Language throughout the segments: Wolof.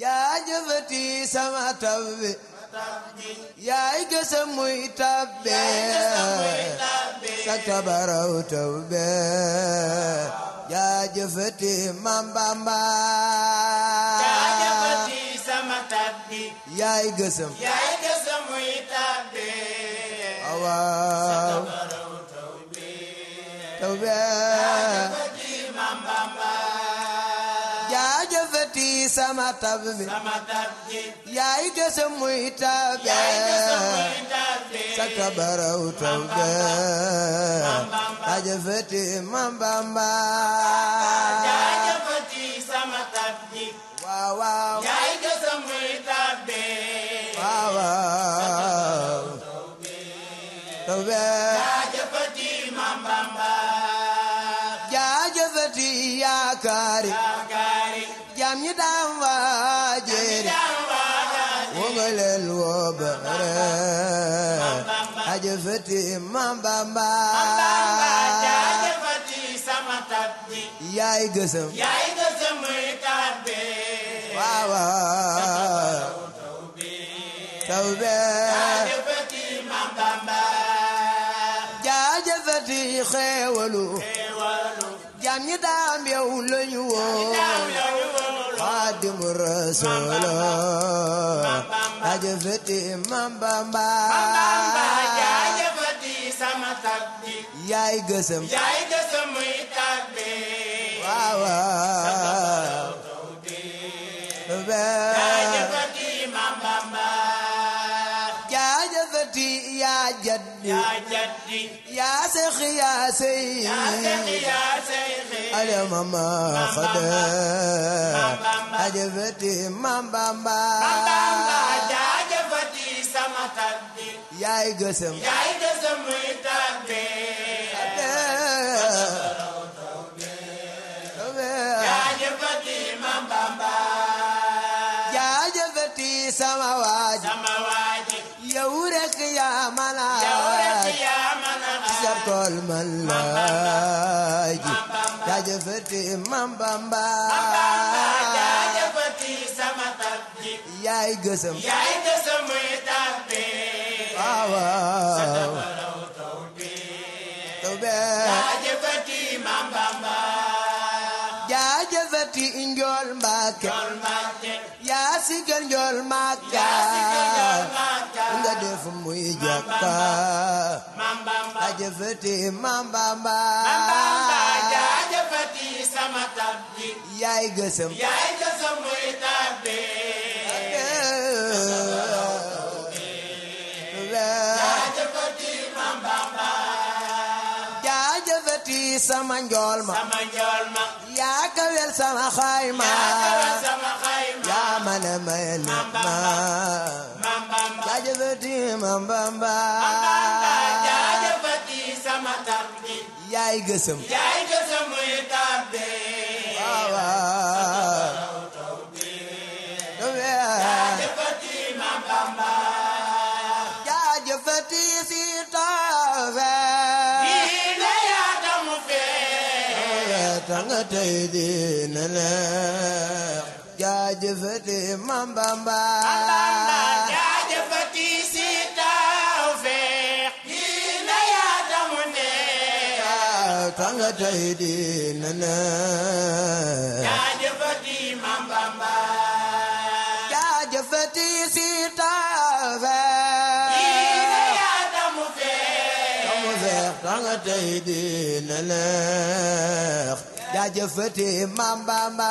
jaajëfati sama tabbe yaay gësa sama tabbi yaay gësam muy tabbe sa tabaraw tabbe tabbe jaajëfati mam bamba bi sama tab bi yaay gëse muy tabe sa kabaraw tawbe ajëfëti mambamba ajëfëti sama tab bi waaw waaw yaay gëse muy tabe waaw waaw tawbe ajëfëti mambamba ajëfëti yaakaari am ñi daan waaje wogaleen woo bëre aja gësëm yaay gësëm muy tàbbe waaw waaw tawbe jaajëfati Maam Bamba jaajëfati xeewalu خادم الرسول أجفتي من بامبا أجفتي سما تبدي ياي قسم ياي قسم يتبدي واو جاجفتي من بامبا جاجفتي يا جدي يا جدي يا سخي يا سيد يا سخي يا سيد ale mama xada ajëfati mam bamba jaajëfati sama tàbbi yaay gësëm yaay gësëm muy tàbbi jaajëfati mam bamba jaajëfati sama waaji sama waaji yow rek yaa mën a yow rek yaa mën a jaajëfati Mam Bamba jaajëfati sama tab ji yaay gësëm yaay gësëm muy tàbbi waaw waaw sa tabaraw tawbi tawbi jaajëfati Mam Bamba nga def muy jàkka yëkkati sama tab bi yaay gësëm yaay gësëm muy tabbe jaajëfati mam bamba jaajëfati sama njool ma sama njool ma yaa kawel sama xayma yaa kawel sama xayma yaa mën a mayal ma mam bamba jaajëfati mam bamba yaay gësëm yaay gësëm muy tàbbe waaw waaw taw bi jaajëfati Maam fee tanga tey di ka nga tey di nana jaajëfati Maam Bamba jaajëfati si taafe tanga tey di nana jaajëfati Maam Bamba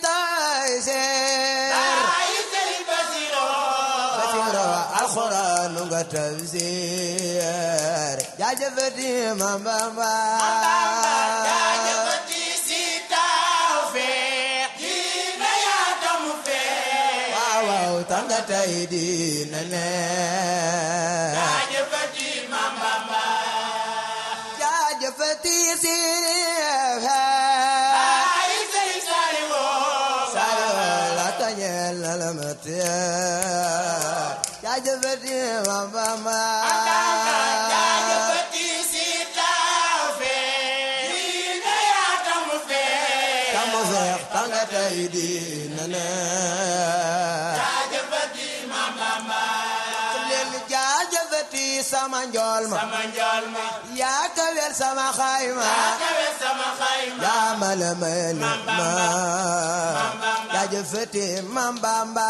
tay seer ay sey basiro basiro alxuraan nga tafsiir jaajëfati Maam Bamba jaajëfati si taw fee diina yaa tamu fee waaw waaw tanga tay diina nee jaajëfati Maam Bamba jaajëfati si jaajëfati ma bama jaajëfati si taafe lii ne yaa tam fee tam seex tàngatay di nene jaajëfati ma bama lii sama njool ma sama njool ma yaa ka wér sama xayma yaa ka wér sama xayma yaa ma la mel ma jaajëfati mam bamba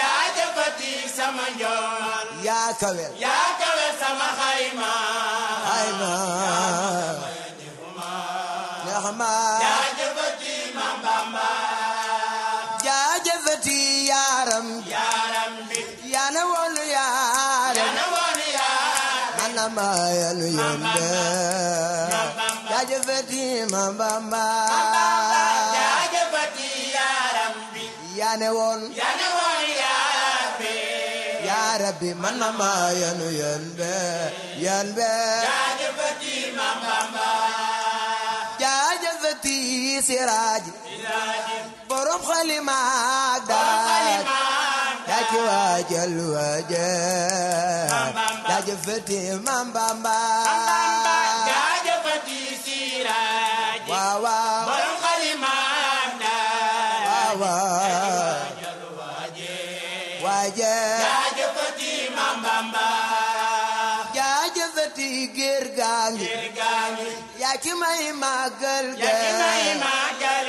jaajëfati sama njool yaa ka wér yaa ka wér sama xayma xayma neexma jaajëfati mam bamba jaajëfati yaaram يا يوندا يا جفتي ما بابا يا جفتي يا ربي يا نون يا نون يا ربي يا ربي من ما يا يوندا يوندا يا جفتي ما بابا يا جفتي سراجي borom xali maag daal yaa ci waajal waajal jaajëfati Maam Bamba jaajëfati Siraaji waaw waaw borom xalima na waaw waaw waaje jaajëfati Maam Bamba jaajëfati géer gaa ngi yaa ci may màggal yaa ci may màggal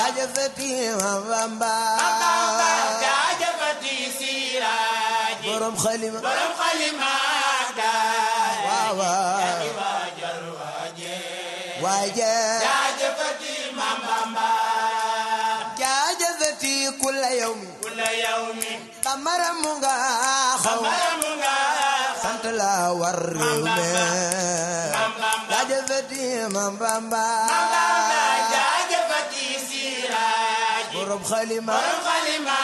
jaajëfati Maam Bamba borom xalima borom xalima daal waaw waaw waajal waaje waaje jaajëfati Maam Bamba jaajëfati kulla yawmi kulla yawmi xamara mu nga xaw sant la war réew me jaajëfati Maam Bamba jaajëfati siraaj borom xalima borom xalima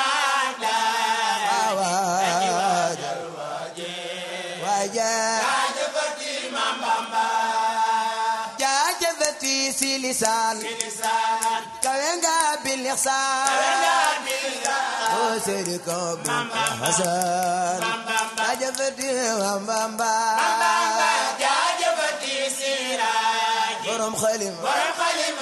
daal waaw waaw في لسان كوينغا بالإحسان وسيرك بالحسن أجفتي ومبامبا أجفتي سيراجي برم خليم برم خليم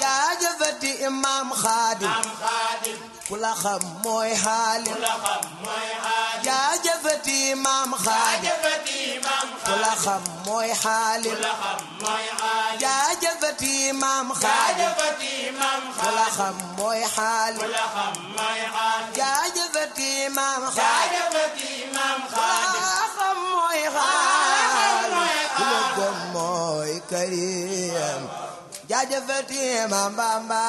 Jaajëfati Imam Khadim ku la xam mooy xaali jaajëfati maam xaali ku la xam mooy xaali jaajëfati maam xaali ku la xam mooy xaali jaajëfati maam xaali ku la xam mooy xaali ku la gëm mooy Karim jaajëfati maam Bamba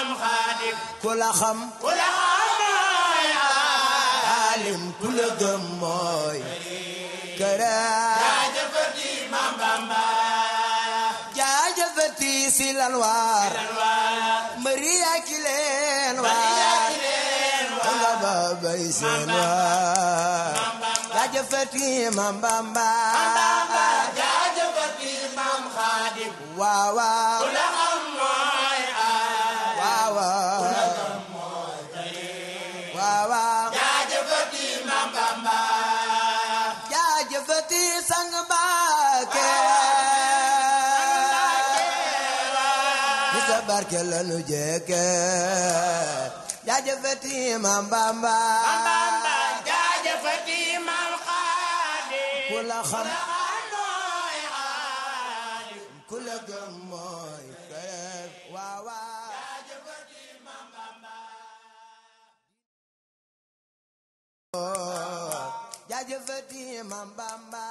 xam xaadim ku la xam ku la xamay alim ku la gëm mooy këra jaajëfati Maam Bamba jaajëfati silal waar Maria ki leen waar nga ba bay seen waar jaajëfati Maam Bamba jaajëfati Maam Xaadim waaw waaw barke la nu jëkke jaajëfati Maam Bamba jaajëfati Maam Xaadim ku la xam jaajëfati Maam Bamba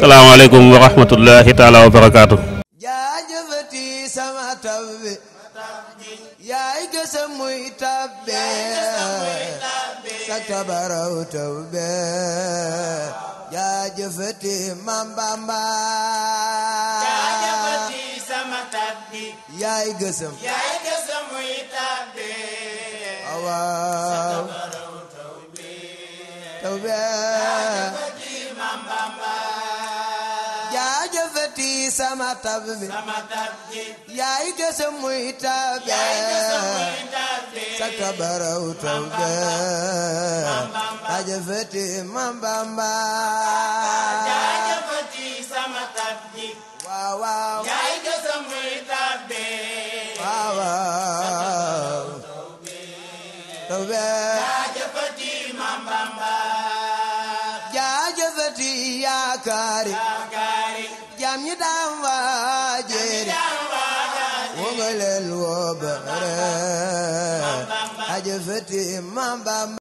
salaamaaleykum wa rahmatullahi taala wa barakaatu. jaajëfati sama tabbe yaay gësa muy tabbe sa tabaraw tabbe jaajëfati mambamba jaajëfati sama tabbi yaay gësa yaay gësa muy tabbe awaaw sa tabaraw tabbe tabbe sama tab bi yaay gese muy tabe sa kabaraw tawbe ajafati tab bi waaw tètè